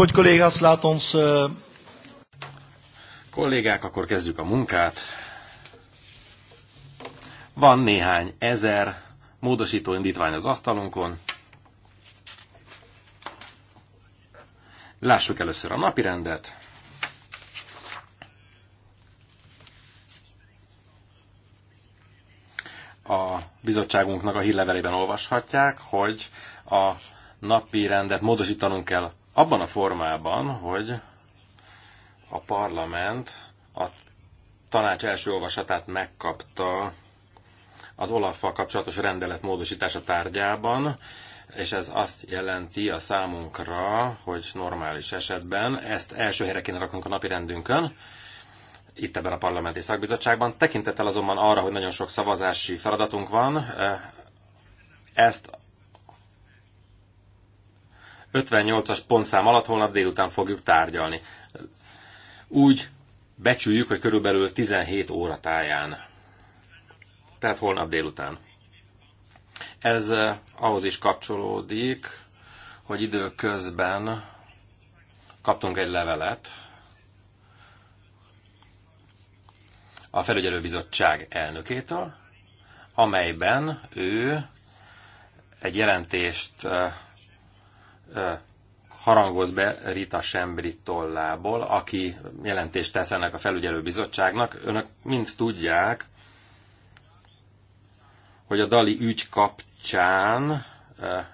Goed, collega's, laat ons... Eh, Kollégák, akkor kezdjük a munkát. Van néhány ezer módosító indítvány az asztalunkon. Lássuk először a napirendet. A bizottságunknak a hírlevelében olvashatják, hogy a napi rendet módosítanunk kell abban a formában, hogy a parlament a tanács első olvasatát megkapta az olaf kapcsolatos rendelet módosítása tárgyában, és ez azt jelenti a számunkra, hogy normális esetben ezt első helyre kéne raknunk a napi rendünkön, itt ebben a parlamenti szakbizottságban. Tekintettel azonban arra, hogy nagyon sok szavazási feladatunk van, ezt 58-as pontszám alatt holnap délután fogjuk tárgyalni. Úgy becsüljük, hogy körülbelül 17 óra táján. Tehát holnap délután. Ez eh, ahhoz is kapcsolódik, hogy időközben kaptunk egy levelet a felügyelőbizottság elnökétől, amelyben ő egy jelentést eh, harangoz be Rita Sembri tollából, aki jelentést tesz ennek a felügyelőbizottságnak. Önök mind tudják, hogy a Dali ügy kapcsán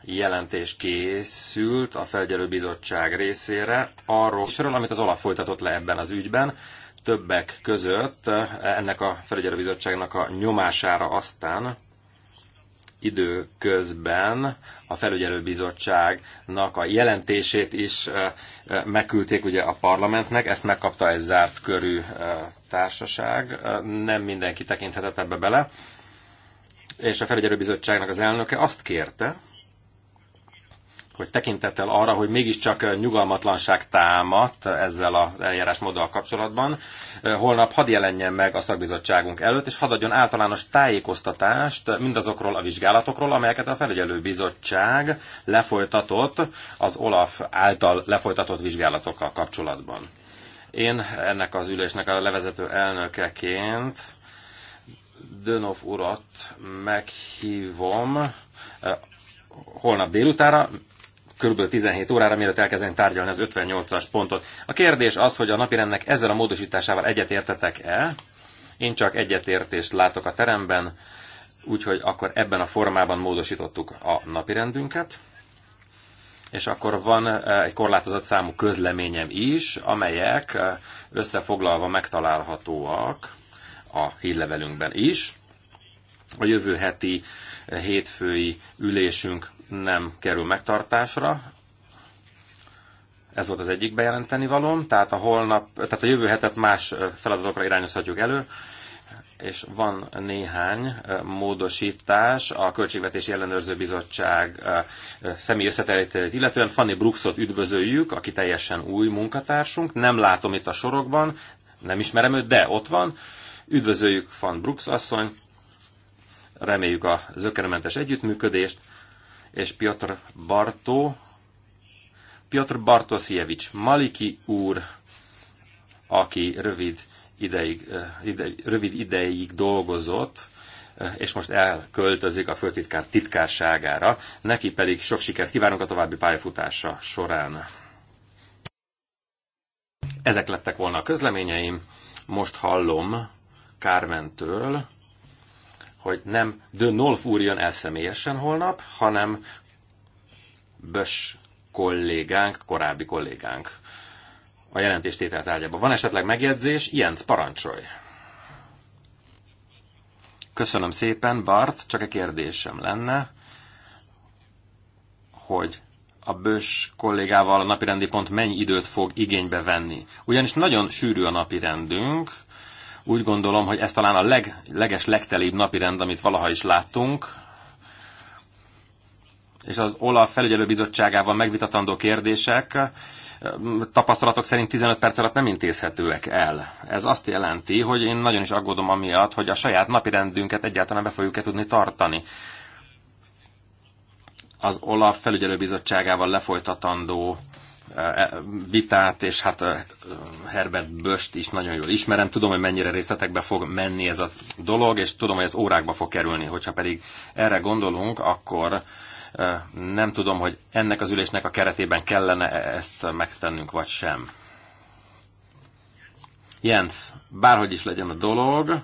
jelentés készült a felügyelőbizottság részére arról, amit az Olaf folytatott le ebben az ügyben. Többek között ennek a felügyelőbizottságnak a nyomására aztán időközben a felügyelőbizottságnak a jelentését is megküldték ugye a parlamentnek, ezt megkapta egy zárt körű társaság, nem mindenki tekinthetett ebbe bele, és a felügyelőbizottságnak az elnöke azt kérte, hogy tekintettel arra, hogy mégiscsak nyugalmatlanság támadt ezzel az eljárásmóddal kapcsolatban, holnap hadd jelenjen meg a szakbizottságunk előtt, és hadd adjon általános tájékoztatást mindazokról a vizsgálatokról, amelyeket a felügyelőbizottság lefolytatott az OLAF által lefolytatott vizsgálatokkal kapcsolatban. Én ennek az ülésnek a levezető elnökeként Dönov urat meghívom holnap délutára, kb. 17 órára, mielőtt elkezdeni tárgyalni az 58-as pontot. A kérdés az, hogy a napirendnek ezzel a módosításával egyetértetek-e? Én csak egyetértést látok a teremben, úgyhogy akkor ebben a formában módosítottuk a napirendünket. És akkor van e, egy korlátozott számú közleményem is, amelyek e, összefoglalva megtalálhatóak a hírlevelünkben is. A jövő heti e, hétfői ülésünk nem kerül megtartásra. Ez volt az egyik bejelenteni valóm, tehát a holnap, tehát a jövő hetet más feladatokra irányozhatjuk elő, és van néhány módosítás a Költségvetési Ellenőrző Bizottság személy összetelítét illetően. Fanny Brooksot üdvözöljük, aki teljesen új munkatársunk. Nem látom itt a sorokban, nem ismerem őt, de ott van. Üdvözöljük Fan Brooks asszony, reméljük a zökkenőmentes együttműködést, és Piotr Bartó, Piotr Bartosievics, Maliki úr, aki rövid ideig, eh, ide, rövid ideig dolgozott, eh, és most elköltözik a főtitkár titkárságára, neki pedig sok sikert kívánunk a további pályafutása során. Ezek lettek volna a közleményeim, most hallom Kármentől, hogy nem de Nolf úr jön el személyesen holnap, hanem Bös kollégánk, korábbi kollégánk a jelentéstétel tárgyában. Van esetleg megjegyzés? Ilyen, parancsolj! Köszönöm szépen, Bart, csak egy kérdésem lenne, hogy a bős kollégával a napirendi pont mennyi időt fog igénybe venni. Ugyanis nagyon sűrű a napirendünk, úgy gondolom, hogy ez talán a leg, leges, legtelibb napirend, amit valaha is láttunk, és az OLAF felügyelőbizottságával megvitatandó kérdések tapasztalatok szerint 15 perc alatt nem intézhetőek el. Ez azt jelenti, hogy én nagyon is aggódom amiatt, hogy a saját napirendünket egyáltalán be fogjuk-e tudni tartani. Az OLAF felügyelőbizottságával lefolytatandó vitát, és hát Herbert Böst is nagyon jól ismerem. Tudom, hogy mennyire részletekbe fog menni ez a dolog, és tudom, hogy ez órákba fog kerülni. Hogyha pedig erre gondolunk, akkor nem tudom, hogy ennek az ülésnek a keretében kellene ezt megtennünk, vagy sem. Jens, bárhogy is legyen a dolog,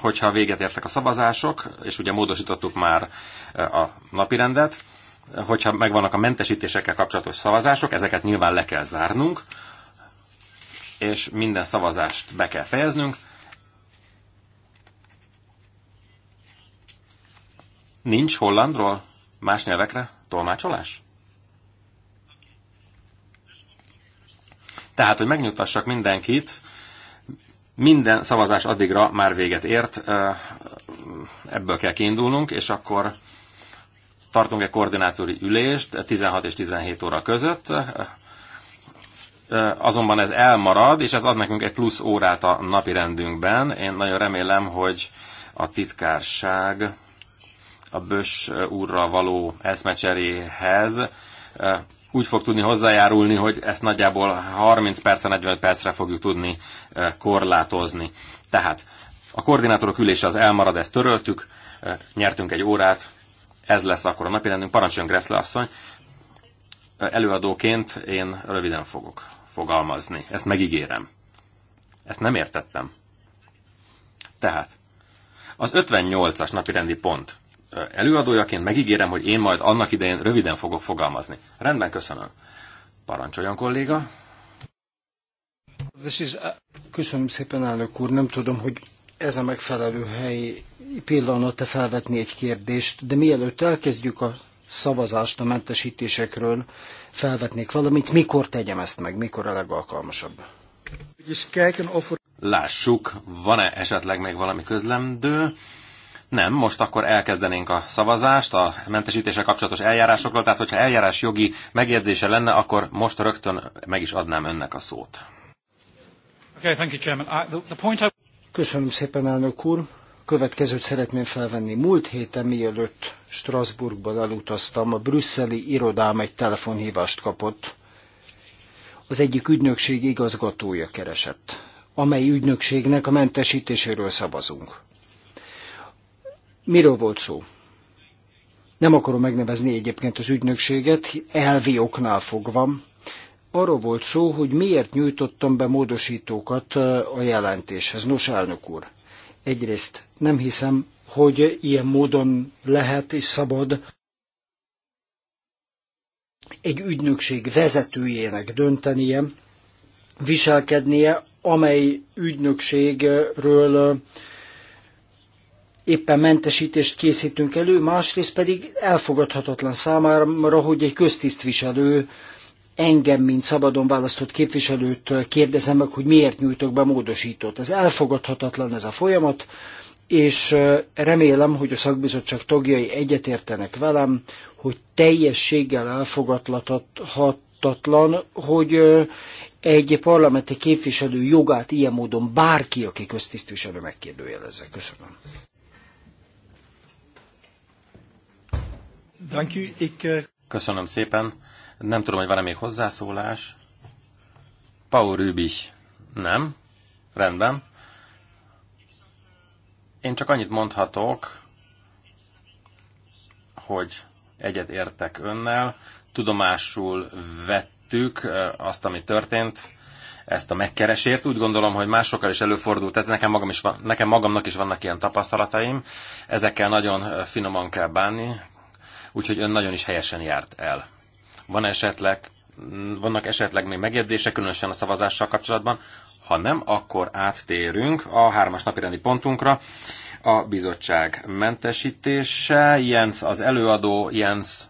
hogyha véget értek a szavazások, és ugye módosítottuk már a napirendet, hogyha megvannak a mentesítésekkel kapcsolatos szavazások, ezeket nyilván le kell zárnunk, és minden szavazást be kell fejeznünk. Nincs hollandról más nyelvekre tolmácsolás? Tehát, hogy megnyugtassak mindenkit, minden szavazás addigra már véget ért, ebből kell kiindulnunk, és akkor tartunk egy koordinátori ülést 16 és 17 óra között, azonban ez elmarad, és ez ad nekünk egy plusz órát a napi rendünkben. Én nagyon remélem, hogy a titkárság a Bös úrral való eszmecseréhez úgy fog tudni hozzájárulni, hogy ezt nagyjából 30 percre, 45 percre fogjuk tudni korlátozni. Tehát a koordinátorok ülése az elmarad, ezt töröltük, nyertünk egy órát, ez lesz akkor a napirendünk. Parancsoljon Gressle asszony. Előadóként én röviden fogok fogalmazni. Ezt megígérem. Ezt nem értettem. Tehát, az 58-as napirendi pont előadójaként megígérem, hogy én majd annak idején röviden fogok fogalmazni. Rendben, köszönöm. Parancsoljon, kolléga. Köszönöm szépen, elnök úr. Nem tudom, hogy ez a megfelelő hely pillanata felvetni egy kérdést, de mielőtt elkezdjük a szavazást a mentesítésekről, felvetnék valamit, mikor tegyem ezt meg, mikor a legalkalmasabb. Lássuk, van-e esetleg még valami közlemdő? Nem, most akkor elkezdenénk a szavazást a mentesítése kapcsolatos eljárásokról, tehát hogyha eljárás jogi megjegyzése lenne, akkor most rögtön meg is adnám önnek a szót. Uh, Köszönöm szépen, elnök úr következőt szeretném felvenni. Múlt héten, mielőtt Strasbourgban elutaztam, a brüsszeli irodám egy telefonhívást kapott. Az egyik ügynökség igazgatója keresett, amely ügynökségnek a mentesítéséről szavazunk. Miről volt szó? Nem akarom megnevezni egyébként az ügynökséget, elvi oknál fogva. Arról volt szó, hogy miért nyújtottam be módosítókat a jelentéshez. Nos, elnök úr, Egyrészt nem hiszem, hogy ilyen módon lehet és szabad egy ügynökség vezetőjének döntenie, viselkednie, amely ügynökségről éppen mentesítést készítünk elő, másrészt pedig elfogadhatatlan számára, hogy egy köztisztviselő engem, mint szabadon választott képviselőt kérdezem meg, hogy miért nyújtok be módosítót. Ez elfogadhatatlan ez a folyamat, és remélem, hogy a szakbizottság tagjai egyetértenek velem, hogy teljességgel elfogadhatatlan, hogy egy parlamenti képviselő jogát ilyen módon bárki, aki köztisztviselő megkérdőjelezze. Köszönöm. Köszönöm szépen. Nem tudom, hogy van-e még hozzászólás. Paul Rübich. Nem? Rendben. Én csak annyit mondhatok, hogy egyet értek önnel. Tudomásul vettük azt, ami történt, ezt a megkeresért. Úgy gondolom, hogy másokkal is előfordult ez, nekem, magam is van, nekem magamnak is vannak ilyen tapasztalataim. Ezekkel nagyon finoman kell bánni, úgyhogy ön nagyon is helyesen járt el. Van esetleg, vannak esetleg még megjegyzések, különösen a szavazással kapcsolatban? Ha nem, akkor áttérünk a hármas napirendi pontunkra. A bizottság mentesítése. Jens az előadó, Jens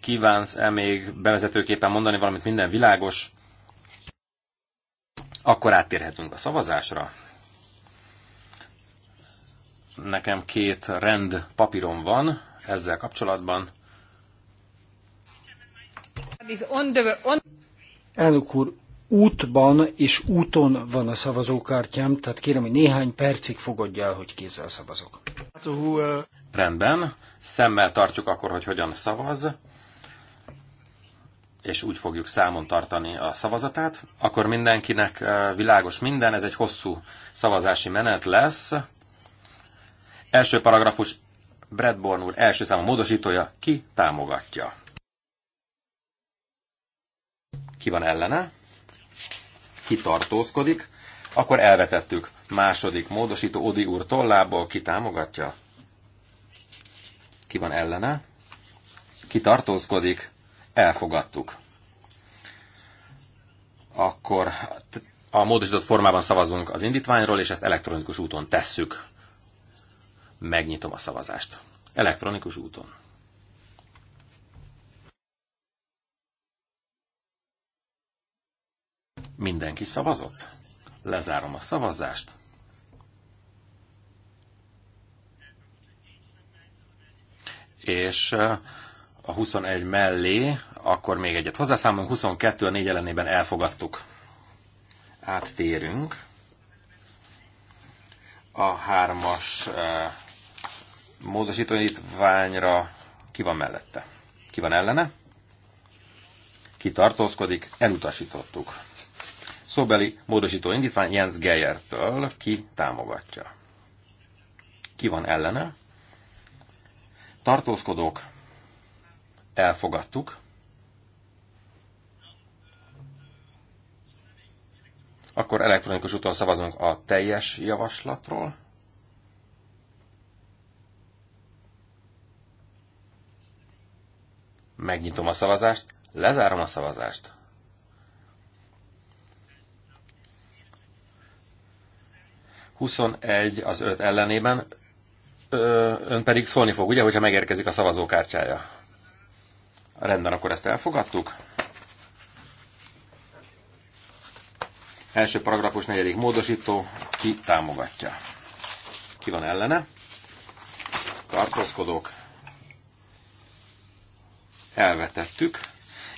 kívánsz-e még bevezetőképpen mondani valamit minden világos? Akkor áttérhetünk a szavazásra. Nekem két rend papírom van ezzel kapcsolatban. Elnök úr, útban és úton van a szavazókártyám, tehát kérem, hogy néhány percig fogadja el, hogy kézzel szavazok. Rendben, szemmel tartjuk akkor, hogy hogyan szavaz, és úgy fogjuk számon tartani a szavazatát. Akkor mindenkinek eh, világos minden, ez egy hosszú szavazási menet lesz. Első paragrafus, Bradborn úr első számú módosítója, ki támogatja? Ki van ellene? tartózkodik, Akkor elvetettük. Második módosító Odi úr tollából ki támogatja? Ki van ellene? tartózkodik, Elfogadtuk. Akkor a módosított formában szavazunk az indítványról, és ezt elektronikus úton tesszük. Megnyitom a szavazást. Elektronikus úton. Mindenki szavazott? Lezárom a szavazást. És a 21 mellé, akkor még egyet hozzászámolunk, 22 a 4 ellenében elfogadtuk. Áttérünk a hármas módosítóítványra. Ki van mellette? Ki van ellene? Ki tartózkodik? Elutasítottuk. Szóbeli módosító indítvány Jens Geyertől ki támogatja. Ki van ellene? Tartózkodók. Elfogadtuk. Akkor elektronikus úton szavazunk a teljes javaslatról. Megnyitom a szavazást, lezárom a szavazást. 21 az 5 ellenében, ön pedig szólni fog, ugye, hogyha megérkezik a szavazókártyája. Rendben, akkor ezt elfogadtuk. Első paragrafus, negyedik módosító, ki támogatja? Ki van ellene? Tartózkodók. Elvetettük.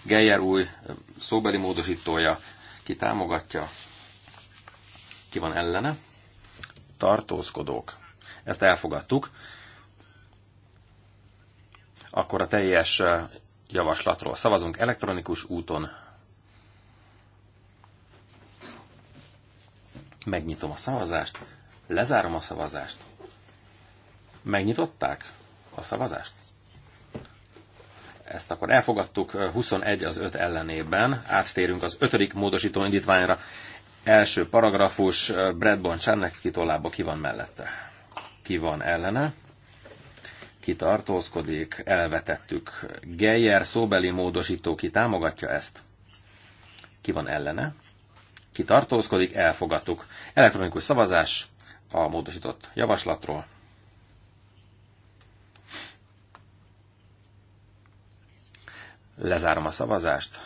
Geyer új szóbeli módosítója, ki támogatja? Ki van ellene? tartózkodók. Ezt elfogadtuk. Akkor a teljes javaslatról szavazunk elektronikus úton. Megnyitom a szavazást, lezárom a szavazást. Megnyitották a szavazást? Ezt akkor elfogadtuk 21 az 5 ellenében. Áttérünk az ötödik módosító indítványra. Első paragrafus, Bradbon Csennek kitollába ki van mellette. Ki van ellene? Ki tartózkodik? Elvetettük. Geyer szóbeli módosító ki támogatja ezt? Ki van ellene? Ki tartózkodik? Elfogadtuk. Elektronikus szavazás a módosított javaslatról. Lezárom a szavazást.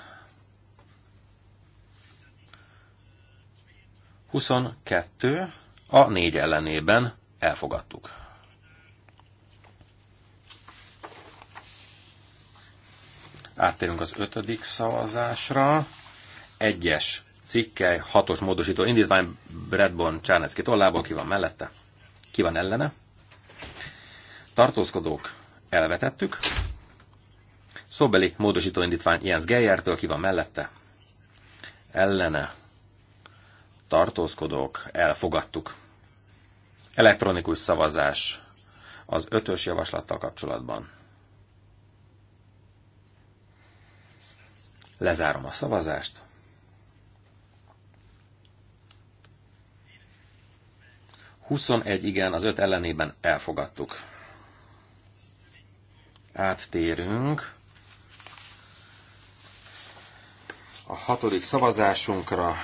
22 a 4 ellenében elfogadtuk. Áttérünk az ötödik szavazásra. Egyes cikkely, hatos módosító indítvány, Bradborn Csárnecki tollából, ki van mellette, ki van ellene. Tartózkodók elvetettük. Szóbeli módosító indítvány Jens Geyertől, ki van mellette, ellene tartózkodók, elfogadtuk. Elektronikus szavazás az ötös javaslattal kapcsolatban. Lezárom a szavazást. Huszonegy igen, az öt ellenében elfogadtuk. Áttérünk a hatodik szavazásunkra.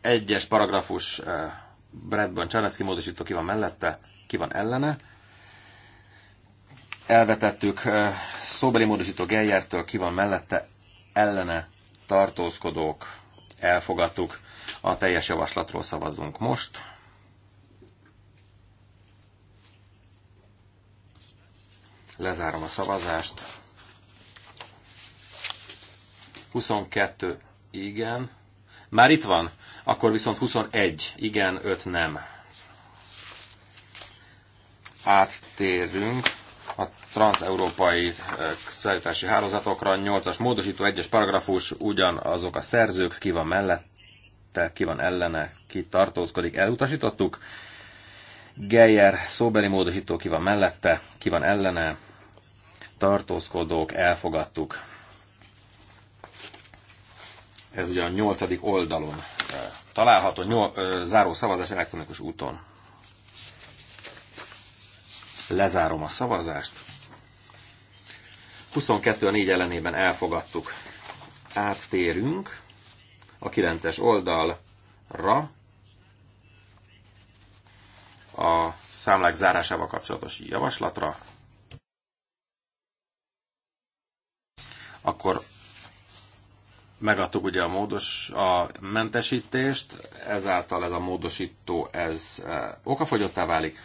Egyes paragrafus eh, Bradburn Csernecki módosító ki van mellette, ki van ellene. Elvetettük eh, szóbeli módosító Gellértől, ki van mellette, ellene tartózkodók, elfogadtuk. A teljes javaslatról szavazunk most. Lezárom a szavazást. 22 igen, már itt van? Akkor viszont 21. Igen, 5 nem. Áttérünk a transeurópai eh, szállítási hálózatokra. 8-as módosító 1-es paragrafus, ugyanazok a szerzők, ki van mellette, ki van ellene, ki tartózkodik, elutasítottuk. Geyer szóbeli módosító ki van mellette, ki van ellene, tartózkodók, elfogadtuk. Ez ugye a nyolcadik oldalon eh, található, nyol, eh, záró szavazás elektronikus úton. Lezárom a szavazást. 22 a 4 ellenében elfogadtuk. Áttérünk a 9-es oldalra a számlák zárásával kapcsolatos javaslatra. Akkor megadtuk ugye a, módos, a mentesítést, ezáltal ez a módosító ez e, okafogyottá válik.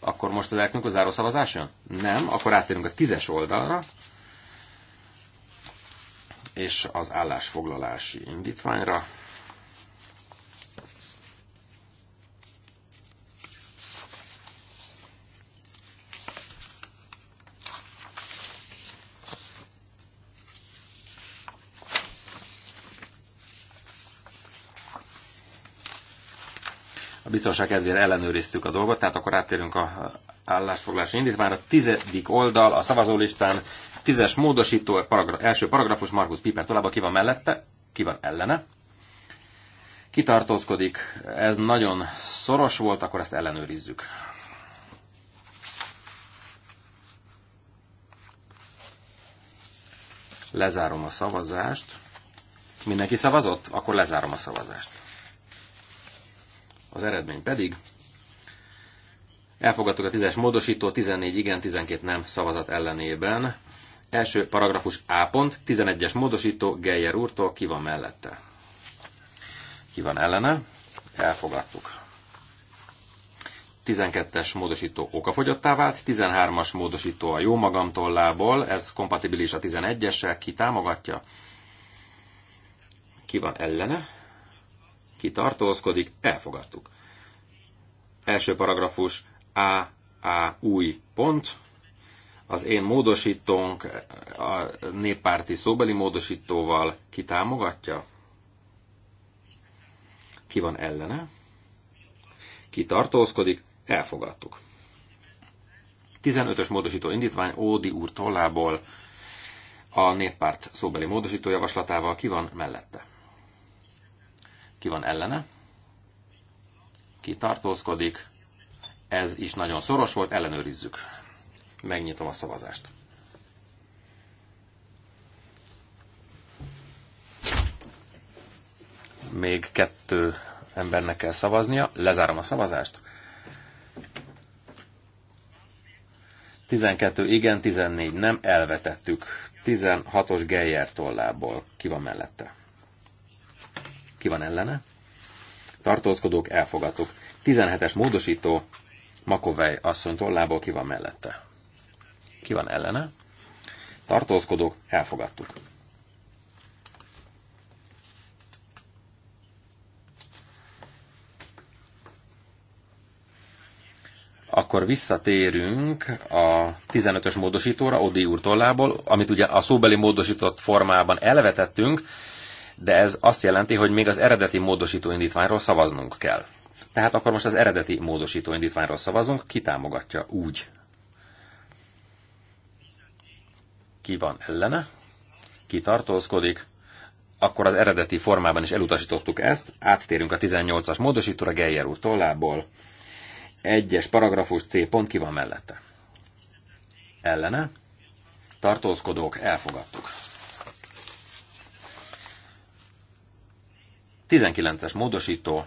Akkor most az elkünk a zárószavazás jön? Nem, akkor átérünk a tízes oldalra, és az állásfoglalási indítványra. biztonság kedvére ellenőriztük a dolgot, tehát akkor áttérünk a állásfoglalási indítványra. Tizedik oldal a szavazólistán, tízes módosító, paragraf, első paragrafus, Markus Piper tovább, ki van mellette, ki van ellene. Kitartózkodik, ez nagyon szoros volt, akkor ezt ellenőrizzük. Lezárom a szavazást. Mindenki szavazott? Akkor lezárom a szavazást. Az eredmény pedig elfogadtuk a tízes módosító 14 igen, 12 nem szavazat ellenében. Első paragrafus A pont, 11-es módosító Geyer úrtól ki van mellette. Ki van ellene? Elfogadtuk. 12-es módosító okafogyottá vált, 13-as módosító a jó magam tollából, ez kompatibilis a 11-essel, ki támogatja, ki van ellene, ki tartózkodik, elfogadtuk. Első paragrafus A, A új pont, az én módosítónk a néppárti szóbeli módosítóval kitámogatja? Ki van ellene? Ki tartózkodik? Elfogadtuk. 15-ös módosító indítvány Ódi úr tollából a néppárt szóbeli módosító javaslatával ki van mellette. Ki van ellene? Ki tartózkodik? Ez is nagyon szoros volt, ellenőrizzük. Megnyitom a szavazást. Még kettő embernek kell szavaznia. Lezárom a szavazást. 12 igen, 14 nem, elvetettük. 16-os Geyer tollából. Ki van mellette? ki van ellene, tartózkodók, elfogadtuk. 17-es módosító, Makovej asszony tollából ki van mellette. Ki van ellene, tartózkodók, elfogadtuk. akkor visszatérünk a 15-ös módosítóra, Odi úr tollából, amit ugye a szóbeli módosított formában elvetettünk, de ez azt jelenti, hogy még az eredeti módosító indítványról szavaznunk kell. Tehát akkor most az eredeti módosító indítványról szavazunk, ki támogatja úgy. Ki van ellene? Ki tartózkodik? Akkor az eredeti formában is elutasítottuk ezt. Áttérünk a 18-as módosítóra Geyer úr tollából. Egyes paragrafus C pont ki van mellette? Ellene? Tartózkodók, elfogadtuk. 19-es módosító.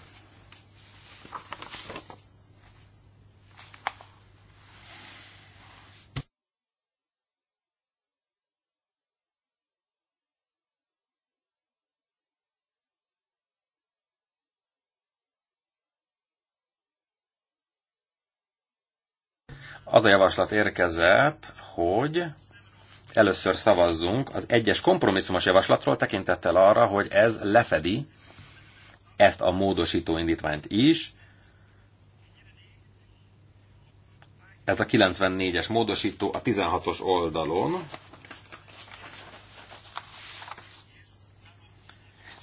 Az a javaslat érkezett, hogy először szavazzunk az egyes kompromisszumos javaslatról tekintettel arra, hogy ez lefedi ezt a módosító indítványt is. Ez a 94-es módosító a 16-os oldalon.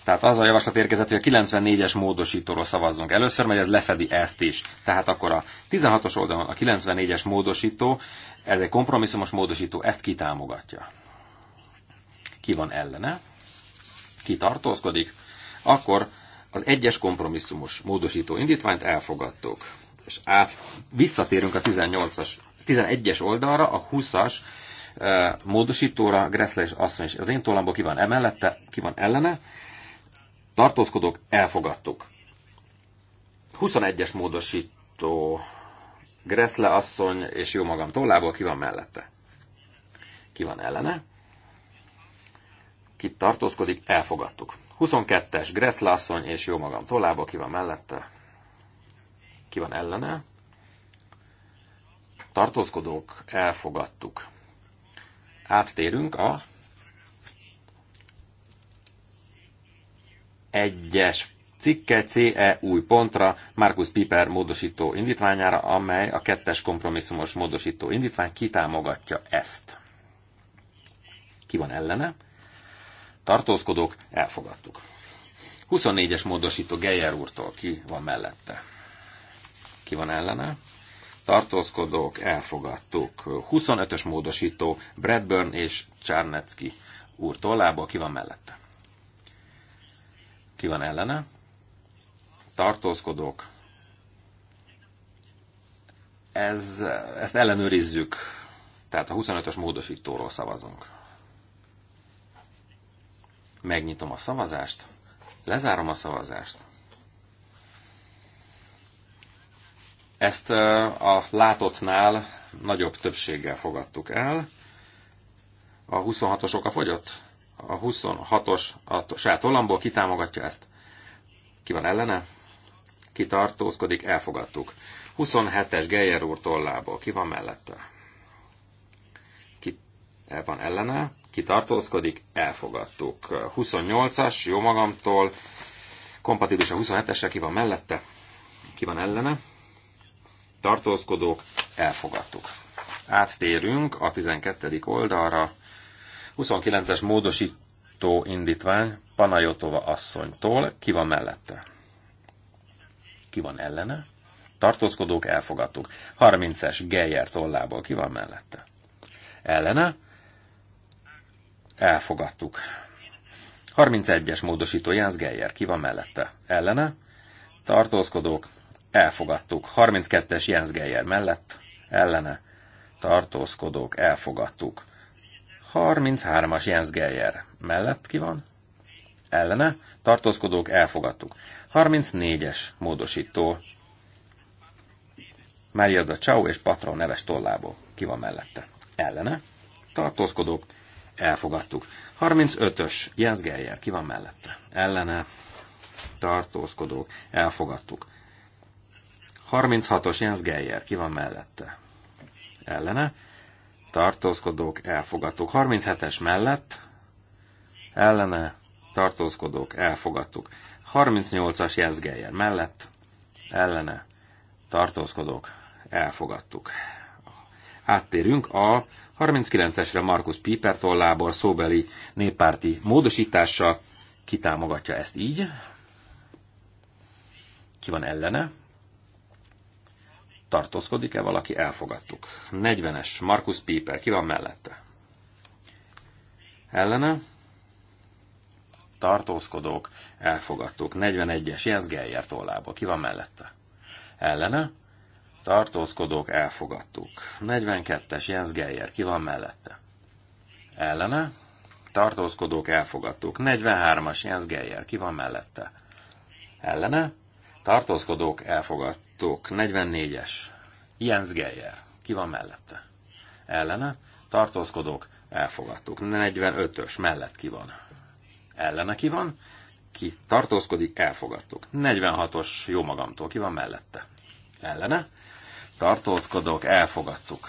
Tehát az a javaslat érkezett, hogy a 94-es módosítóról szavazzunk először, mert ez lefedi ezt is. Tehát akkor a 16-os oldalon a 94-es módosító, ez egy kompromisszumos módosító, ezt kitámogatja. Ki van ellene? Ki tartózkodik? Akkor az egyes kompromisszumos módosító indítványt elfogadtuk. És át visszatérünk a 18-as, 11-es oldalra, a 20-as e, módosítóra, Gressler és azt mondja, Az én tollamból ki van emellette, ki van ellene. tartózkodok, elfogadtuk. 21-es módosító Gressle asszony és jó magam tollából ki van mellette? Ki van ellene? Ki tartózkodik? Elfogadtuk. 22-es Gressle és jó magam tolába, ki van mellette, ki van ellene. Tartózkodók, elfogadtuk. Áttérünk a egyes cikke CE új pontra Markus Piper módosító indítványára, amely a kettes kompromisszumos módosító indítvány kitámogatja ezt. Ki van ellene? tartózkodók, elfogadtuk. 24-es módosító Geyer úrtól ki van mellette. Ki van ellene? Tartózkodók, elfogadtuk. 25-ös módosító Bradburn és Csárnecki úr tollából ki van mellette. Ki van ellene? Tartózkodók. Ez, ezt ellenőrizzük. Tehát a 25-ös módosítóról szavazunk. Megnyitom a szavazást, lezárom a szavazást. Ezt a látottnál nagyobb többséggel fogadtuk el. A 26-os oka fogyott? A 26-os a saját tollamból kitámogatja ezt. Ki van ellene? Kitartózkodik, elfogadtuk. 27-es Geyer úr tollából. Ki van mellette? van ellene, kitartózkodik, elfogadtuk. 28-as, jó magamtól, kompatibilis a 27 es ki van mellette, ki van ellene, tartózkodók, elfogadtuk. Áttérünk a 12. oldalra, 29-es módosító indítvány Panajotova asszonytól, ki van mellette, ki van ellene, tartózkodók, elfogadtuk. 30-es Geyer tollából, ki van mellette, ellene, Elfogadtuk. 31-es módosító Jens Geyer, ki van mellette? Ellene. Tartózkodók, elfogadtuk. 32-es Jens Geyer mellett, ellene. Tartózkodók, elfogadtuk. 33-as Jens Geyer mellett ki van? Ellene. Tartózkodók, elfogadtuk. 34-es módosító Mária da Ciao és Patron neves tollából. Ki van mellette? Ellene. Tartózkodók, Elfogadtuk. 35-ös, Jens Geyer, ki van mellette? Ellene, tartózkodók, elfogadtuk. 36-os, Jens Geyer, ki van mellette? Ellene, tartózkodók, elfogadtuk. 37-es mellett, ellene, tartózkodók, elfogadtuk. 38-as Jens Geyer mellett, ellene, tartózkodók, elfogadtuk. Áttérünk a 39-esre Markus Piper tollából szóbeli néppárti módosítással kitámogatja ezt így. Ki van ellene? Tartózkodik-e valaki? Elfogadtuk. 40-es Markus Piper, ki van mellette? Ellene? Tartózkodók, elfogadtuk. 41-es Jens Geyer tollából, ki van mellette? Ellene? tartózkodók elfogadtuk. 42-es Jens Geyer, ki van mellette? Ellene, tartózkodók elfogadtuk. 43-as Jens Geyer, ki van mellette? Ellene, tartózkodók elfogadtuk. 44-es Jens Geyer, ki van mellette? Ellene, tartózkodók elfogadtuk. 45-ös mellett ki van? Ellene ki van? Ki tartózkodik, elfogadtuk. 46-os jó magamtól, ki van mellette? Ellene, tartózkodók, elfogadtuk.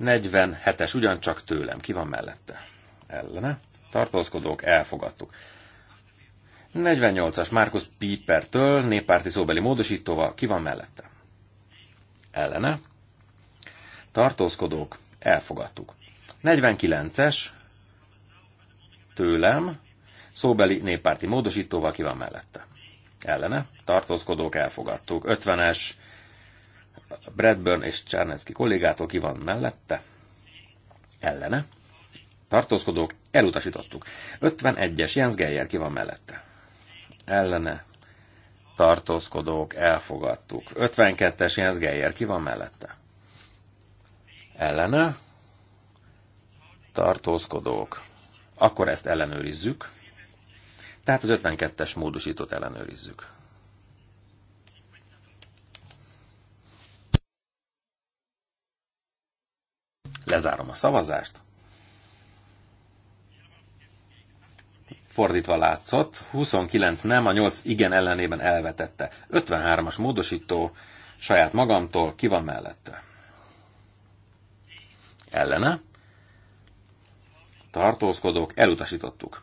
47-es, ugyancsak tőlem, ki van mellette? Ellene, tartózkodók, elfogadtuk. 48-as Markus től néppárti szóbeli módosítóval ki van mellette? Ellene. Tartózkodók, elfogadtuk. 49-es tőlem szóbeli néppárti módosítóval ki van mellette? ellene tartózkodók elfogadtuk. 50-es Bradburn és Csárnecki kollégától ki van mellette, ellene tartózkodók elutasítottuk. 51-es Jens Geyer ki van mellette, ellene tartózkodók elfogadtuk. 52-es Jens Geyer ki van mellette, ellene tartózkodók. Akkor ezt ellenőrizzük. Tehát az 52-es módosítót ellenőrizzük. Lezárom a szavazást. Fordítva látszott, 29 nem, a 8 igen ellenében elvetette. 53-as módosító saját magamtól, ki van mellette? Ellene? Tartózkodók, elutasítottuk.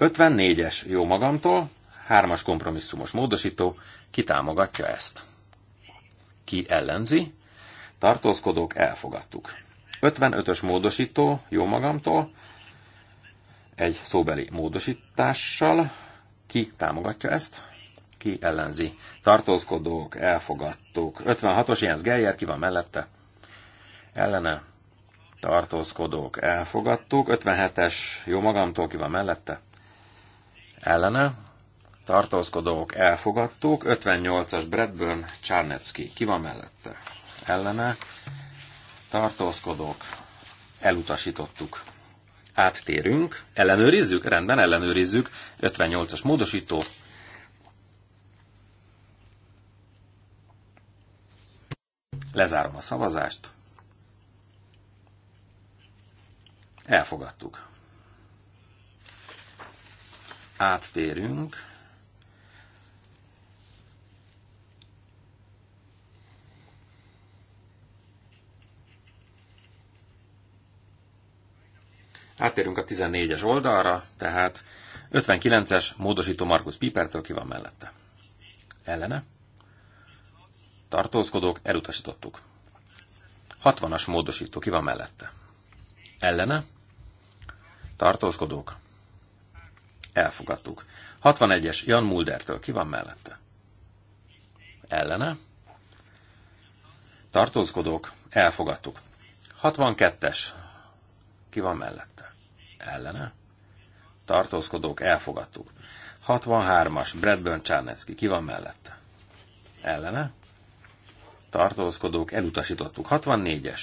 54-es jó magamtól, hármas kompromisszumos módosító, ki támogatja ezt? Ki ellenzi? Tartózkodók elfogadtuk. 55-ös módosító, jó magamtól, egy szóbeli módosítással, ki támogatja ezt? Ki ellenzi? Tartózkodók, elfogadtuk. 56-os Jens Geyer, ki van mellette? Ellene. Tartózkodók, elfogadtuk. 57-es, jó magamtól, ki van mellette? ellene, tartózkodók elfogadtuk, 58-as Bradburn Csárnecki, ki van mellette, ellene, tartózkodók elutasítottuk. Áttérünk, ellenőrizzük, rendben, ellenőrizzük, 58-as módosító, Lezárom a szavazást. Elfogadtuk áttérünk Áttérünk a 14-es oldalra, tehát 59-es módosító Markus Pipertől ki van mellette. Ellene? Tartózkodók, elutasítottuk. 60-as módosító ki van mellette. Ellene? Tartózkodók, Elfogadtuk. 61-es Jan Muldertől. Ki van mellette? Ellene? Tartózkodók. Elfogadtuk. 62-es. Ki van mellette? Ellene? Tartózkodók. Elfogadtuk. 63-as Bradburn Csárnecki. Ki van mellette? Ellene? Tartózkodók. Elutasítottuk. 64-es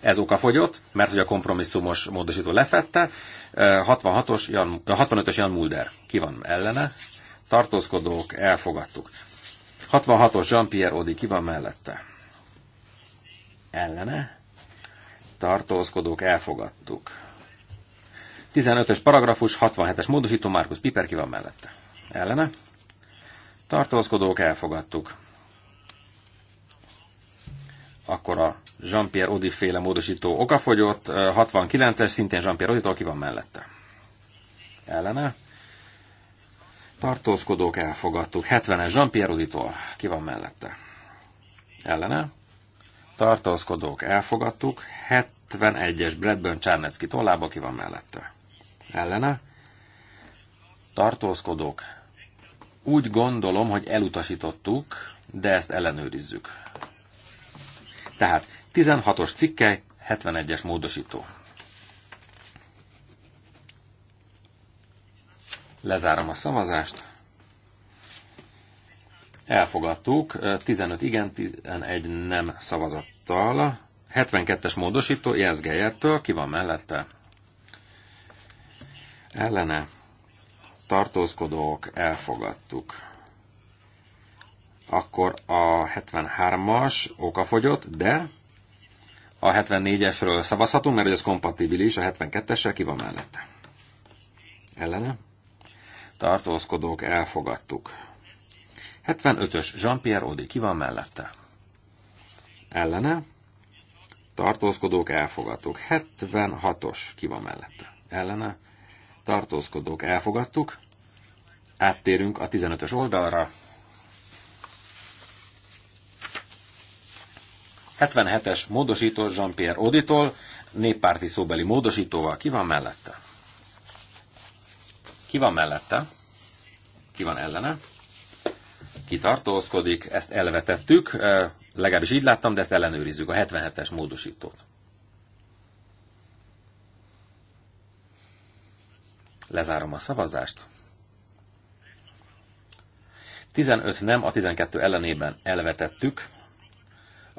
ez oka fogyott, mert hogy a kompromisszumos módosító lefette. 66-os Jan, 65-ös Jan Mulder. Ki van ellene? Tartózkodók, elfogadtuk. 66-os Jean-Pierre Odi, ki van mellette? Ellene? Tartózkodók, elfogadtuk. 15-ös paragrafus, 67-es módosító, Markus Piper, ki van mellette? Ellene? Tartózkodók, elfogadtuk akkor a Jean-Pierre Odi féle módosító okafogyott, 69-es, szintén Jean-Pierre Odi, tól ki van mellette. Ellene. Tartózkodók elfogadtuk. 70-es Jean-Pierre Audi-tól ki van mellette. Ellene. Tartózkodók elfogadtuk. 71-es Bradburn Csárnecki tollába ki van mellette. Ellene. Tartózkodók. Úgy gondolom, hogy elutasítottuk, de ezt ellenőrizzük. Tehát 16-os cikke, 71-es módosító. Lezárom a szavazást. Elfogadtuk, 15 igen, 11 nem szavazattal. 72-es módosító Jens Geyertől, ki van mellette? Ellene tartózkodók, elfogadtuk akkor a 73-as okafogyott, de a 74-esről szavazhatunk, mert ez kompatibilis a 72-essel, ki van mellette? Ellene? Tartózkodók, elfogadtuk. 75-ös Jean-Pierre Odi, ki van mellette? Ellene? Tartózkodók, elfogadtuk. 76-os, ki van mellette? Ellene? Tartózkodók, elfogadtuk. Áttérünk a 15-ös oldalra. 77-es módosító Jean-Pierre Auditól, néppárti szóbeli módosítóval. Ki van mellette? Ki van mellette? Ki van ellene? Ki tartózkodik? Ezt elvetettük, legalábbis így láttam, de ezt ellenőrizzük, a 77-es módosítót. Lezárom a szavazást. 15 nem, a 12 ellenében elvetettük,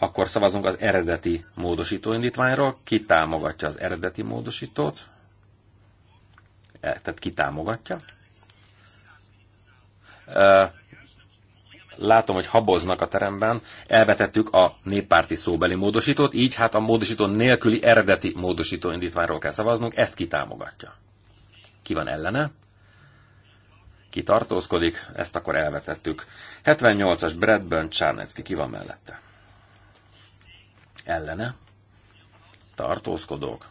akkor szavazunk az eredeti módosítóindítványról. Ki támogatja az eredeti módosítót? E, tehát ki támogatja? E, látom, hogy haboznak a teremben. Elvetettük a néppárti szóbeli módosítót, így hát a módosító nélküli eredeti módosítóindítványról kell szavaznunk. Ezt ki támogatja? Ki van ellene? Ki tartózkodik? Ezt akkor elvetettük. 78-as Bradburn Csárnecki, ki van mellette? ellene tartózkodók.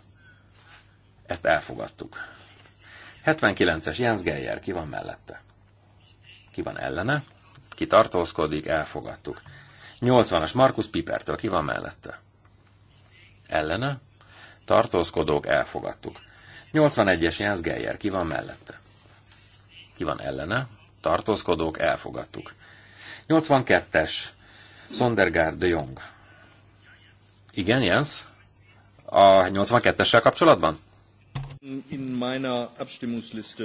Ezt elfogadtuk. 79-es Jens Geyer, ki van mellette? Ki van ellene? Ki tartózkodik? Elfogadtuk. 80-as Markus Pipertől, ki van mellette? Ellene? Tartózkodók, elfogadtuk. 81-es Jens Geyer, ki van mellette? Ki van ellene? Tartózkodók, elfogadtuk. 82-es Sondergaard de Jong, igen, Jens? A 82-essel kapcsolatban? In meiner Abstimmungsliste.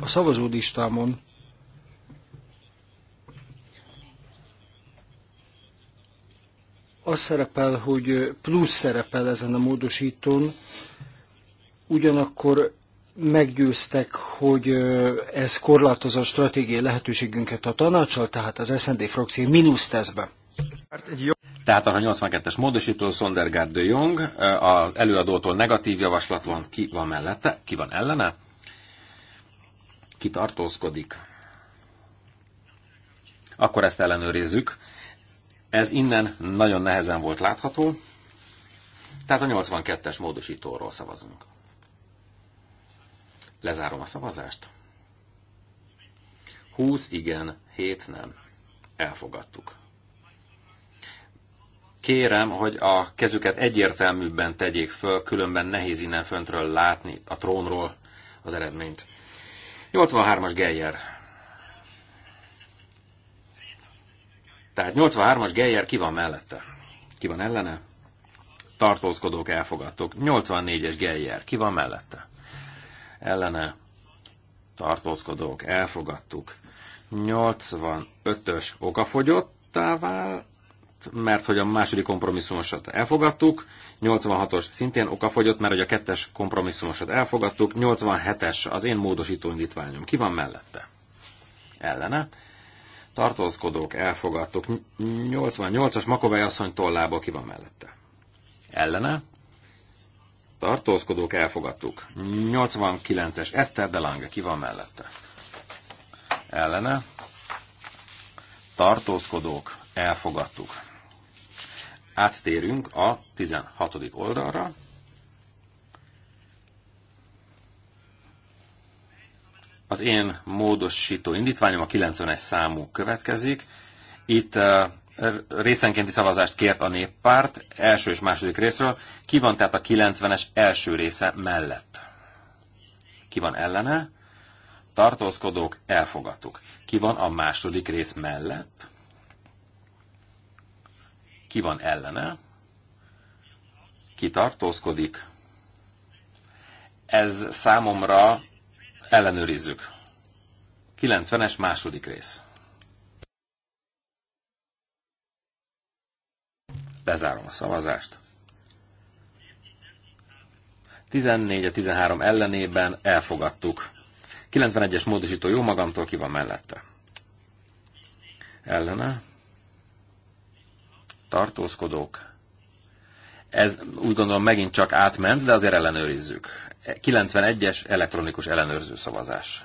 A szavazódistámon. az szerepel, hogy plusz szerepel ezen a módosítón, ugyanakkor meggyőztek, hogy ez korlátozza a stratégiai lehetőségünket a tanácsal, tehát az SND frakció mínusz tesz be. Hát tehát a 82-es módosító Sondergaard de Jong, eh, az előadótól negatív javaslat van, ki van mellette, ki van ellene, ki tartózkodik. Akkor ezt ellenőrizzük. Ez innen nagyon nehezen volt látható, tehát a 82-es módosítóról szavazunk. Lezárom a szavazást. 20 igen, 7 nem. Elfogadtuk. Kérem, hogy a kezüket egyértelműbben tegyék föl, különben nehéz innen föntről látni a trónról az eredményt. 83-as Geyer. Tehát 83-as Geyer ki van mellette? Ki van ellene? Tartózkodók elfogadtok. 84-es Geyer ki van mellette? Ellene tartózkodók elfogadtuk. 85-ös okafogyottá vál, mert hogy a második kompromisszumosat elfogadtuk, 86-os szintén okafogyott, mert hogy a kettes kompromisszumosat elfogadtuk, 87-es az én módosító indítványom. Ki van mellette? Ellene. Tartózkodók elfogadtuk. 88-as Makovely asszony tollából ki van mellette? Ellene. Tartózkodók elfogadtuk. 89-es Eszter Delange ki van mellette? Ellene. Tartózkodók elfogadtuk áttérünk a 16. oldalra. Az én módosító indítványom a 91 számú következik. Itt részenkénti szavazást kért a néppárt első és második részről. Ki van tehát a 90-es első része mellett? Ki van ellene? Tartózkodók, elfogadtuk. Ki van a második rész mellett? Ki van ellene? Ki tartózkodik? Ez számomra ellenőrizzük. 90-es második rész. Lezárom a szavazást. 14 a 13 ellenében elfogadtuk. 91-es módosító jó magamtól ki van mellette. Ellene tartózkodók. Ez úgy gondolom megint csak átment, de azért ellenőrizzük. 91-es elektronikus ellenőrző szavazás.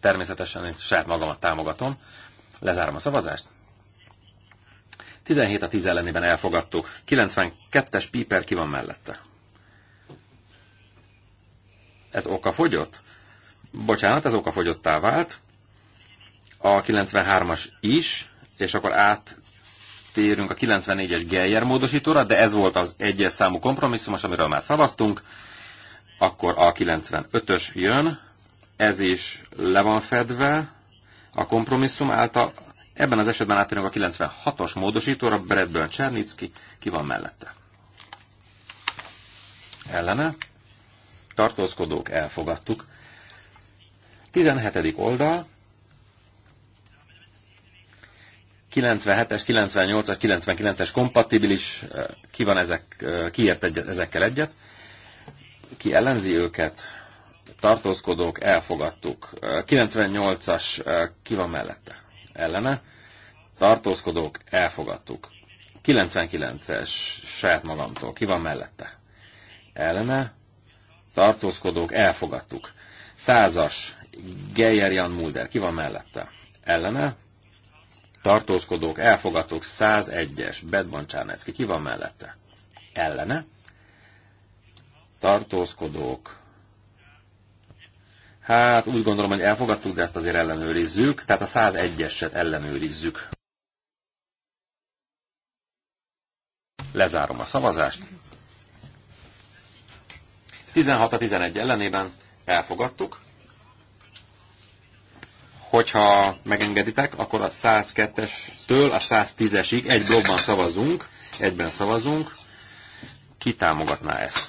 Természetesen én saját magamat támogatom. Lezárom a szavazást. 17 a 10 ellenében elfogadtuk. 92-es Piper ki van mellette. Ez oka fogyott? Bocsánat, ez oka fogyottá vált a 93-as is, és akkor áttérünk a 94-es Geyer módosítóra, de ez volt az egyes számú kompromisszumos, amiről már szavaztunk. Akkor a 95-ös jön, ez is le van fedve a kompromisszum által. Ebben az esetben átérünk a 96-os módosítóra, Bradburn Csernicki, ki van mellette? Ellene. Tartózkodók, elfogadtuk. 17. oldal, 97-es, 98-as, 99-es kompatibilis, ki van ezek, ért egy, ezekkel egyet, ki ellenzi őket, tartózkodók, elfogadtuk. 98-as ki van mellette? Ellene. Tartózkodók, elfogadtuk. 99-es saját magamtól, ki van mellette? Ellene. Tartózkodók, elfogadtuk. 100-as Geyer Jan Mulder, ki van mellette? Ellene tartózkodók, elfogatók, 101-es, Bedban Csárnecki, ki van mellette? Ellene. Tartózkodók. Hát úgy gondolom, hogy elfogadtuk, de ezt azért ellenőrizzük, tehát a 101-eset ellenőrizzük. Lezárom a szavazást. 16 a 11 ellenében elfogadtuk. Hogyha megengeditek, akkor a 102-estől a 110-esig egy blogban szavazunk, egyben szavazunk. Ki támogatná ezt?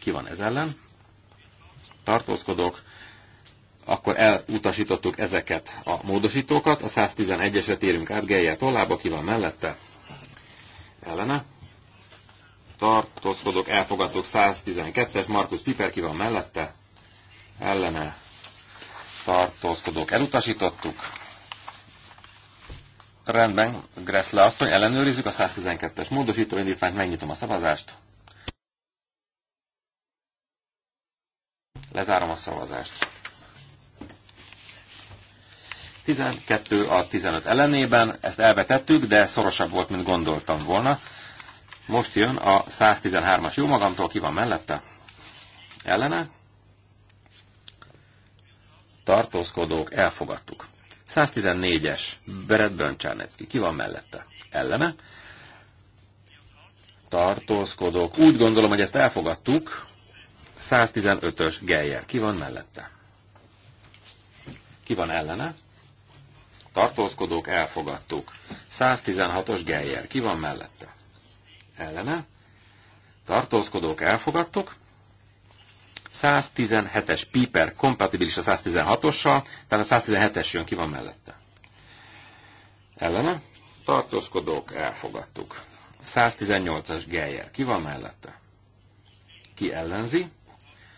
Ki van ez ellen? Tartózkodok. Akkor elutasítottuk ezeket a módosítókat. A 111-esre térünk át Geyer tollába. Ki van mellette? Ellene? tartózkodok, elfogadtuk 112-es, Markus Piper ki van mellette, ellene tartózkodók elutasítottuk. Rendben, Gressle asszony, ellenőrizzük a 112-es módosító indítványt, megnyitom a szavazást. Lezárom a szavazást. 12 a 15 ellenében, ezt elvetettük, de szorosabb volt, mint gondoltam volna. Most jön a 113-as jó magamtól, ki van mellette? Ellene? tartózkodók, elfogadtuk. 114-es, Beret Böncsárnecki, ki van mellette? Ellene. Tartózkodók, úgy gondolom, hogy ezt elfogadtuk. 115-ös, Geyer, ki van mellette? Ki van ellene? Tartózkodók, elfogadtuk. 116-os, Geyer, ki van mellette? Ellene. Tartózkodók, elfogadtuk. 117-es Piper kompatibilis a 116-ossal, tehát a 117-es jön ki van mellette. Ellene? Tartózkodók, elfogadtuk. 118-as Geyer, ki van mellette? Ki ellenzi?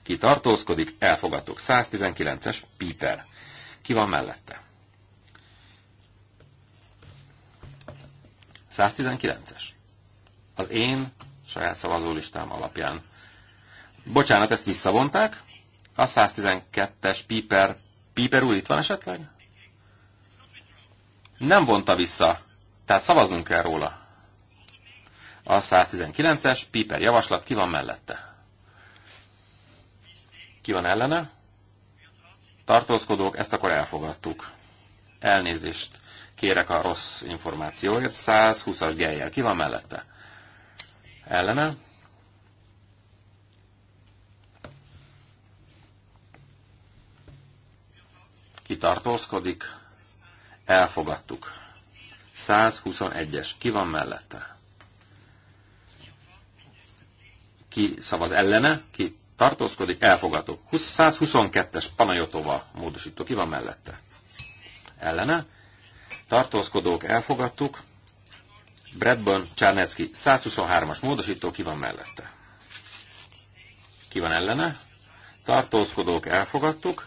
Ki tartózkodik, elfogadtuk. 119-es Piper, ki van mellette? 119-es. Az én saját szavazólistám alapján Bocsánat, ezt visszavonták. A 112-es Piper, Piper úr itt van esetleg? Nem vonta vissza. Tehát szavaznunk kell róla. A 119-es Piper javaslat ki van mellette? Ki van ellene? Tartózkodók, ezt akkor elfogadtuk. Elnézést kérek a rossz információért. 120-as gejjel ki van mellette? Ellene? kitartózkodik, elfogadtuk. 121-es, ki van mellette? Ki szavaz ellene, ki tartózkodik, elfogadtuk. 122-es, Panajotova módosító, ki van mellette? Ellene, tartózkodók, elfogadtuk. Bradburn, Csárnecki, 123-as módosító, ki van mellette? Ki van ellene? Tartózkodók, elfogadtuk.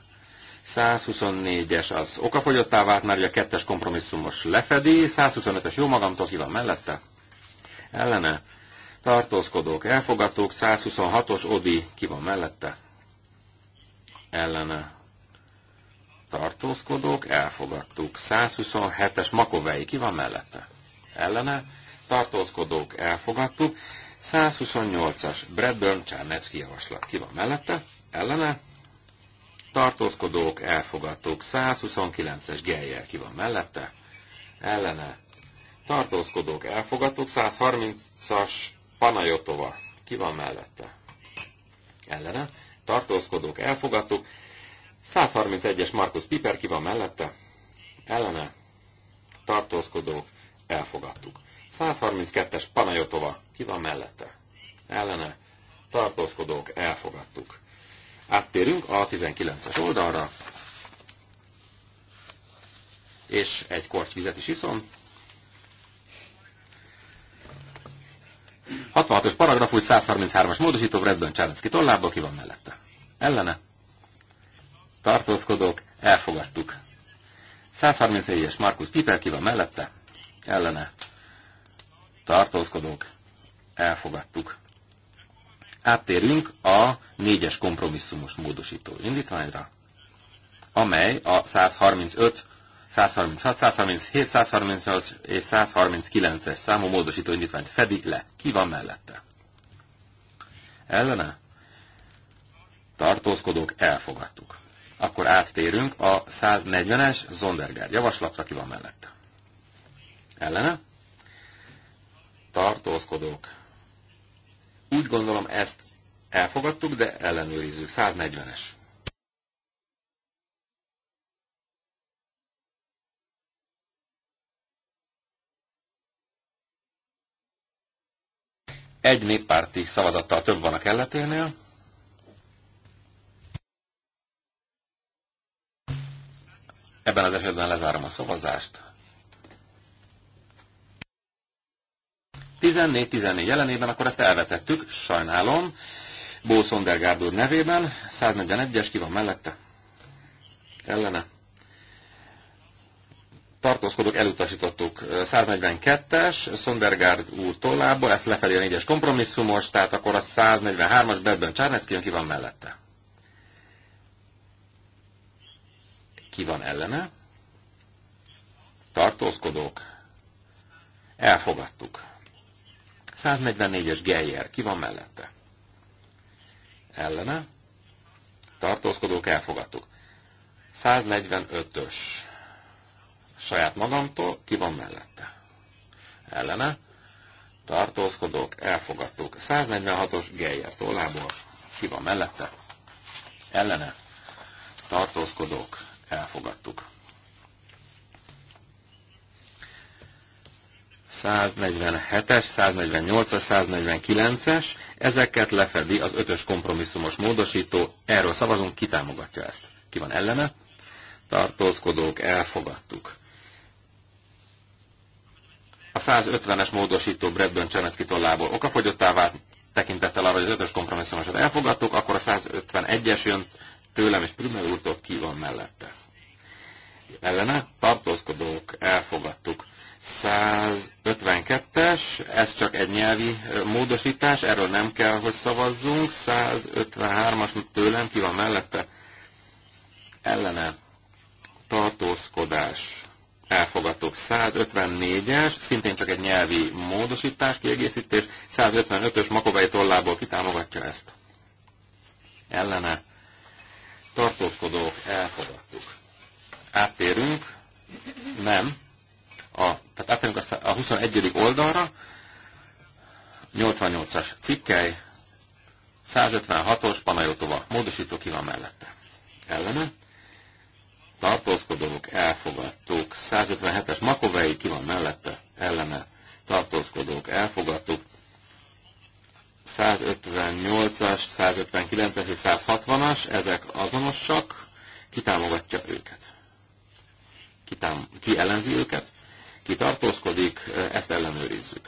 124-es az okafogyottá vált, mert ugye a kettes kompromisszumos lefedi, 125-es jó magamtól ki van mellette, ellene, tartózkodók, elfogadók, 126-os Odi ki van mellette, ellene, tartózkodók, elfogadtuk, 127-es Makovei ki van mellette, ellene, tartózkodók, elfogadtuk, 128-as Bradburn Csárnecki javaslat ki van mellette, ellene, tartózkodók, elfogadtuk. 129-es Geyer ki van mellette, ellene, tartózkodók, elfogadtuk. 130-as Panajotova ki van mellette, ellene, tartózkodók, elfogadtuk. 131-es Markus Piper ki van mellette, ellene, tartózkodók, elfogadtuk. 132-es Panajotova ki van mellette, ellene, tartózkodók, elfogadtuk. Áttérünk a 19-es oldalra, és egy korty vizet is iszom. 66-os paragrafus, 133-as módosító, Redbön Csárenszki tollából, ki van mellette? Ellene? Tartózkodók, elfogadtuk. 134-es Markus Piper, ki van mellette? Ellene? Tartózkodók, elfogadtuk. Áttérünk a négyes kompromisszumos módosító indítványra, amely a 135 136, 137, 138 és 139-es számú módosító indítványt fedi le. Ki van mellette? Ellene? Tartózkodók elfogadtuk. Akkor áttérünk a 140-es Zondergár javaslatra, ki van mellette. Ellene? Tartózkodók úgy gondolom ezt elfogadtuk, de ellenőrizzük. 140-es. Egy néppárti szavazattal több van a kelleténél. Ebben az esetben lezárom a szavazást. 14-14 jelenében, akkor ezt elvetettük, sajnálom. Bó Szonder Gábor nevében, 141-es, ki van mellette? Ellene. Tartózkodók elutasítottuk. 142-es, Szondergárd úr tollából, ezt lefelé a 4-es kompromisszumos, tehát akkor a 143-as Bedben Csárnecki, ki van mellette? Ki van ellene? Tartózkodók. Elfogadtuk. 144-es Geyer, ki van mellette? Ellene. Tartózkodók elfogadtuk. 145-ös saját magamtól, ki van mellette? Ellene. Tartózkodók elfogadtuk. 146-os Geyer tollából, ki van mellette? Ellene. Tartózkodók elfogadtuk. 147-es, 148-as, 149-es, ezeket lefedi az ötös kompromisszumos módosító, erről szavazunk, ki támogatja ezt. Ki van ellene? Tartózkodók, elfogadtuk. A 150-es módosító Bredbön Csernecki tollából okafogyottá vált, tekintettel arra, hogy az ötös kompromisszumosat elfogadtuk, akkor a 151-es jön tőlem és Prümel úrtól ki van mellette. Ellene tartózkodók, elfogadtuk. 152-es, ez csak egy nyelvi módosítás, erről nem kell, hogy szavazzunk. 153-as tőlem ki van mellette. Ellene tartózkodás elfogadtuk. 154-es, szintén csak egy nyelvi módosítás, kiegészítés. 155-ös makovai tollából kitámogatja ezt. Ellene tartózkodók elfogadtuk. Áttérünk, nem, a átérünk a 21. oldalra, 88-as cikkely, 156-os Panajotova módosító ki van mellette. Ellene. Tartózkodók, elfogadtuk. 157-es Makovei ki van mellette. Ellene. Tartózkodók, elfogadtuk. 158-as, 159-es és 160-as, ezek azonosak. Ki támogatja őket? Ki, tám- ki ellenzi őket? ki tartózkodik, ezt ellenőrizzük.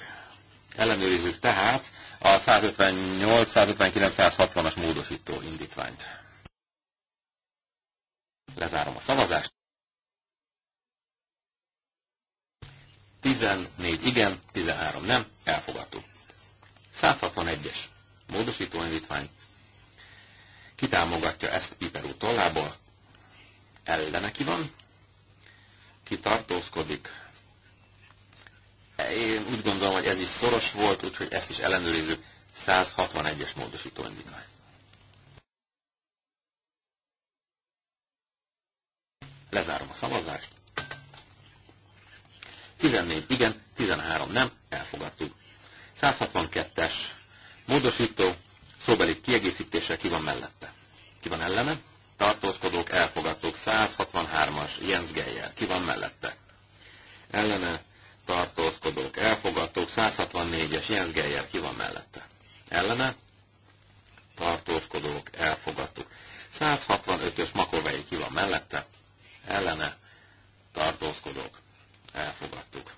Ellenőrizzük tehát a 158-159-160-as módosító indítványt. Lezárom a szavazást. 14 igen, 13 nem, elfogadtuk. 161-es módosító indítvány kitámogatja ezt Piperú tollából, ellene ki van, kitartózkodik, én úgy gondolom, hogy ez is szoros volt, úgyhogy ezt is ellenőrizzük. 161-es módosító indítvány. Lezárom a szavazást. 14 igen, 13 nem, elfogadtuk. 162-es módosító, szóbeli kiegészítése ki van mellette. Ki van ellene? Tartózkodók, elfogadtuk. 163-as Jens Geyer. Ki van mellette? Ellene tartózkodók elfogadók, 164-es Jens Geyer ki van mellette. Ellene tartózkodók elfogadók. 165-ös Makovei ki van mellette. Ellene tartózkodók elfogadtuk.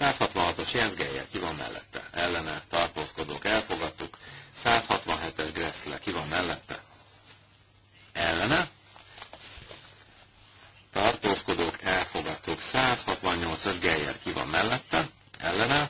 166-os Jens Geyer ki van mellette. Ellene tartózkodók elfogadtuk. 167-es Gressle ki van mellette. Ellene tartózkodók elfogadtuk. 166 Geyer ki van mellette, ellene,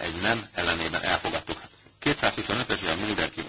egy nem ellenében elfogadtuk. 225-ös mindenki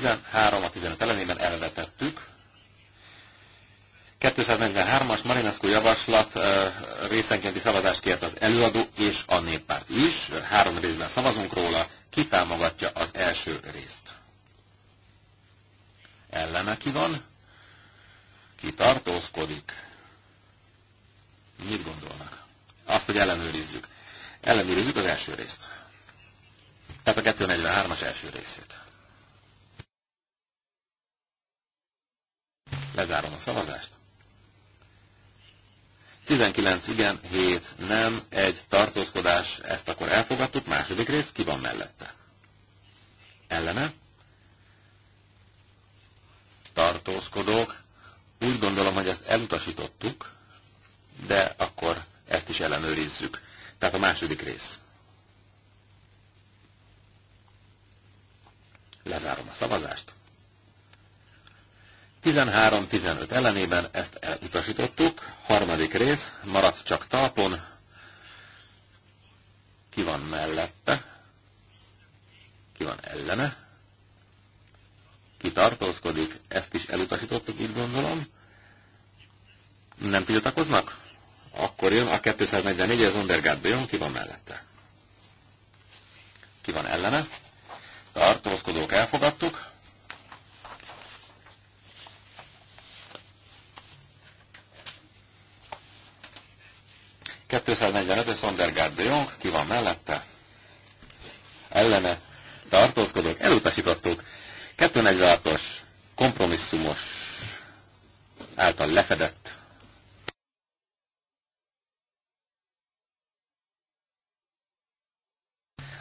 13 a 15 ellenében elvetettük. 243-as Marinescu javaslat részenkénti szavazást kért az előadó és a néppárt is. Három részben szavazunk róla. Ki támogatja az első részt? Ellene ki van? Ki tartózkodik? Mit gondolnak? Azt, hogy ellenőrizzük. Ellenőrizzük az első részt. Tehát a 243-as első részét. Lezárom a szavazást. 19 igen, 7 nem, egy tartózkodás, ezt akkor elfogadtuk, második rész, ki van mellette? Ellene? Tartózkodók, úgy gondolom, hogy ezt elutasítottuk, de akkor ezt is ellenőrizzük. Tehát a második rész. Lezárom a szavazást. 13-15 ellenében ezt elutasítottuk. Harmadik rész, maradt csak talpon. Ki van mellette? Ki van ellene? Ki tartózkodik? Ezt is elutasítottuk, így gondolom. Nem tiltakoznak? Akkor jön a 244-es Zondergát bejön, ki van mellette? Ki van ellene? Tartózkodók elfogadtuk. 245-ös Sondergaard de Jong, ki van mellette? Ellene tartózkodok, elutasítottuk. 246-os kompromisszumos által lefedett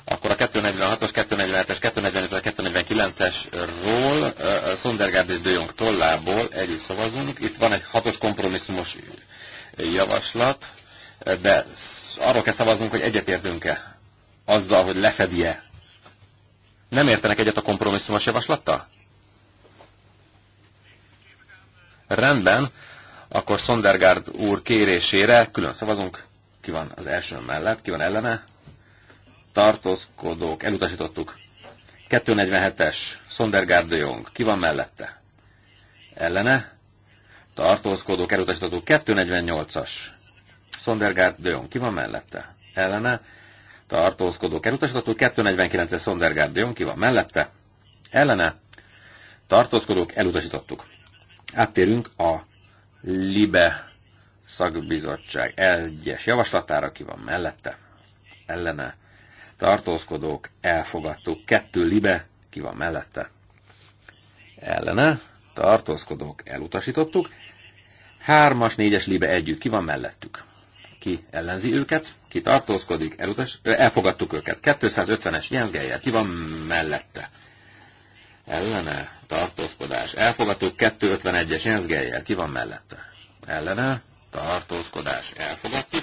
akkor a 246-os, 247-es, 245-es, 249-esről es Sondergaard és De Jong tollából együtt szavazunk. Itt van egy hatos kompromisszumos javaslat, de arról kell szavaznunk, hogy egyetértünk-e azzal, hogy lefedje. Nem értenek egyet a kompromisszumos javaslattal? Rendben, akkor Sondergaard úr kérésére külön szavazunk. Ki van az első mellett, ki van ellene? Tartózkodók, elutasítottuk. 247-es, Sondergaard de Jong, ki van mellette? Ellene? Tartózkodók, elutasítottuk. 248-as, Sondergaard Jong Ki van mellette? Ellene. Tartózkodók elutasítottuk. 249-es Sondergaard Jong Ki van mellette? Ellene. Tartózkodók elutasítottuk. Áttérünk a LIBE szakbizottság egyes javaslatára. Ki van mellette? Ellene. Tartózkodók elfogadtuk. Kettő LIBE. Ki van mellette? Ellene. Tartózkodók elutasítottuk. Hármas, négyes libe együtt. Ki van mellettük? ki ellenzi őket, ki tartózkodik, elutas, elfogadtuk őket. 250-es Jens Geyer, ki van mellette? Ellene, tartózkodás. Elfogadtuk 251-es Jens Geyer, ki van mellette? Ellene, tartózkodás. Elfogadtuk.